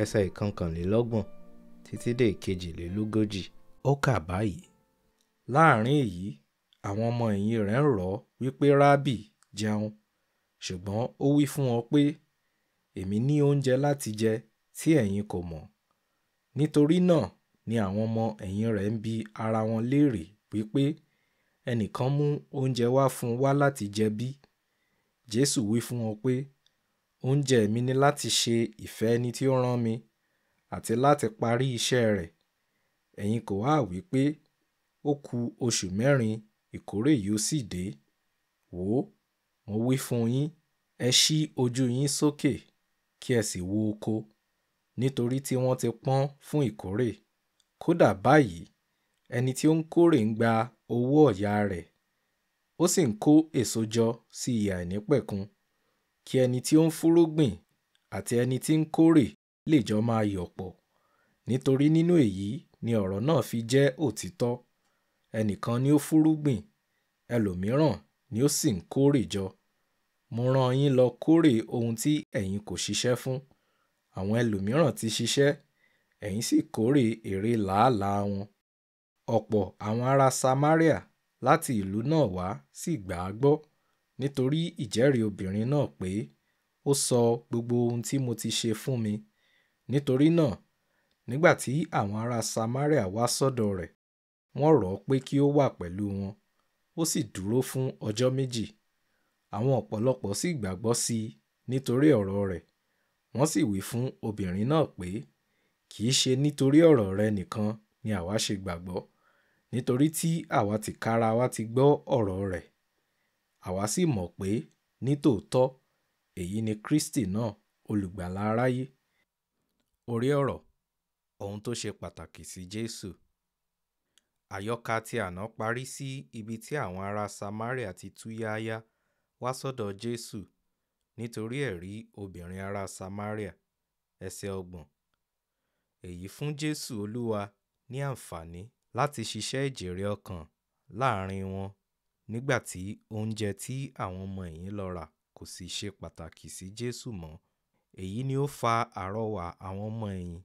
ẹsẹ̀ ìkọkànlélọ́gbọ̀n títí dé ìkejìlélógójì ó kà báyìí láàrin èyí àwọn ọmọ ẹ̀yìn rẹ̀ ń rọ̀ ọ́ wípé rábì jẹun ṣùgbọ́n ó wí fún wọn pé èmi ní oúnjẹ láti jẹ tí ẹ̀yin kò mọ̀ nítorí náà ni àwọn ọmọ ẹ̀yìn rẹ̀ ń bi ara wọn léèrè wípé ẹnìkan mú oúnjẹ wá fún wa láti jẹ bí jésù wí fún wọn pé Oúnjẹ mi ni láti ṣe ìfẹ́ ẹni tí ó rán mi àti láti parí iṣẹ́ rẹ̀. Ẹ̀yin kò há wí pé ó ku oṣù mẹ́rin ìkórè yìí ó sì dé. Wò ó, mo wí fún yín, ẹ ṣí ojú yín sókè kí ẹ sì wo oko, nítorí tí wọ́n ti pọ́n fún ìkórè. Kódà báyìí, ẹni tí ó ń kórè ń gba owó ọ̀yà rẹ̀, ó sì ń kó èso jọ sí ìhà àìnípẹ̀kun kí ẹni tí ó ń fúnrúgbìn àti ẹni tí ń kórè lè jọ máa yọ̀ pọ̀ nítorí nínú èyí ni ọ̀rọ̀ náà fi jẹ́ òtítọ́ ẹnìkan ni ó fúnrúgbìn ẹlòmíràn ni ó sì ń kórè jọ mo rán yín lọ kórè ohun tí ẹ̀yin kò ṣiṣẹ́ fún àwọn ẹlòmíràn ti ṣiṣẹ́ ẹ̀yin sì kórè èrè làálàá wọn ọ̀pọ̀ àwọn ará Samaria láti ìlú náà wá sì gbà á gbọ́ nítorí ìjẹ́rìí obìnrin náà pé ó sọ gbogbo ohun tí mo ti ṣe fún mi nítorí náà nígbà tí àwọn ará samaria wá sọ́dọ̀ rẹ̀ wọ́n rọ̀ ọ́ pé kí ó wà pẹ̀lú wọn ó sì dúró fún ọjọ́ méjì àwọn ọ̀pọ̀lọpọ̀ sì gbàgbọ́ sí i nítorí ọ̀rọ̀ rẹ̀ wọ́n sì wí fún obìnrin náà pé kì í ṣe nítorí ọ̀rọ̀ rẹ nìkan ni àwa ṣe gbàgbọ́ nítorí tí àwa tìkára wa ti gbọ́ ọ̀rọ̀ rẹ̀ àwa sì mọ̀ pé nítòótọ́ èyí ni Kristi náà olùgbàlà aráyé orí ọ̀rọ̀ ohun tó ṣe pàtàkì sí Jésù àyọkà tí àná parí sí ibi tí àwọn ará Samaria ti tú yáyá wá sọ́dọ̀ Jésù nítorí ẹ̀rí obìnrin ará Samaria ẹsẹ̀ ọgbọ̀n èyí fún Jésù Olúwa ní àǹfààní láti ṣiṣẹ́ ìjèrè ọkàn láàrin wọn nígbà tí oúnjẹ tí àwọn ọmọ ẹ̀yìn lọ rà kò sì ṣe pàtàkì sí Jésù mọ́ èyí ni ó fa àrọwà àwọn ọmọ ẹ̀yìn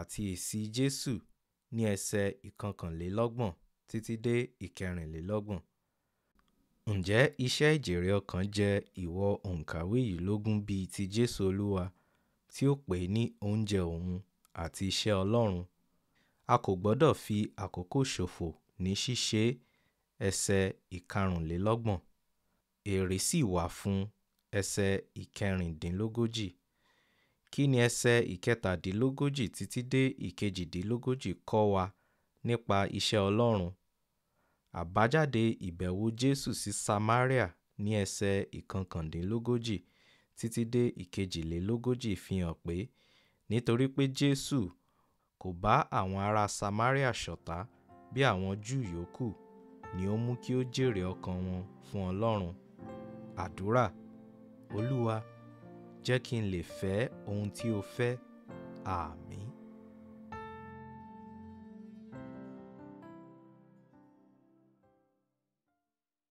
àti èsì Jésù ní ẹsẹ̀ ìkọkànlélọ́gbọ̀n títí dé ìkẹrìnlélọ́gbọ̀n ǹjẹ́ iṣẹ́ ìjèrè ọkàn jẹ ìwọ òǹkàwé yìí lógún bíi ti Jésù Olúwa tí ó pè ní oúnjẹ òun àti iṣẹ́ Ọlọ́run a kò gbọ́dọ̀ fi àkókò ṣòfò ní ṣíṣe é ẹsẹ̀ ìkarùnlélọ́gbọ̀n èrè sì wà fún ẹsẹ̀ ìkẹrìndínlógójì. Kí ni ẹsẹ̀ ìkẹtàdínlógójì títí dé ìkejìdínlógójì kọ́ wa nípa iṣẹ́ Ọlọ́run? Àbájáde ìbẹ̀wò Jésù sí Sámáríà ní ẹsẹ̀ ìkọkàndínlógójì títí dé ìkejìlélógójì fi hàn pé nítorí pé Jésù kò bá àwọn ará Sámáríà ṣọ̀tá bí àwọn Júù yòókù, ni ó mú kí ó jèrè ọkàn wọn fún Ọlọ́run. Àdúrà Olúwa jẹ́ kí n lè fẹ́ ohun tí o fẹ́ àmín.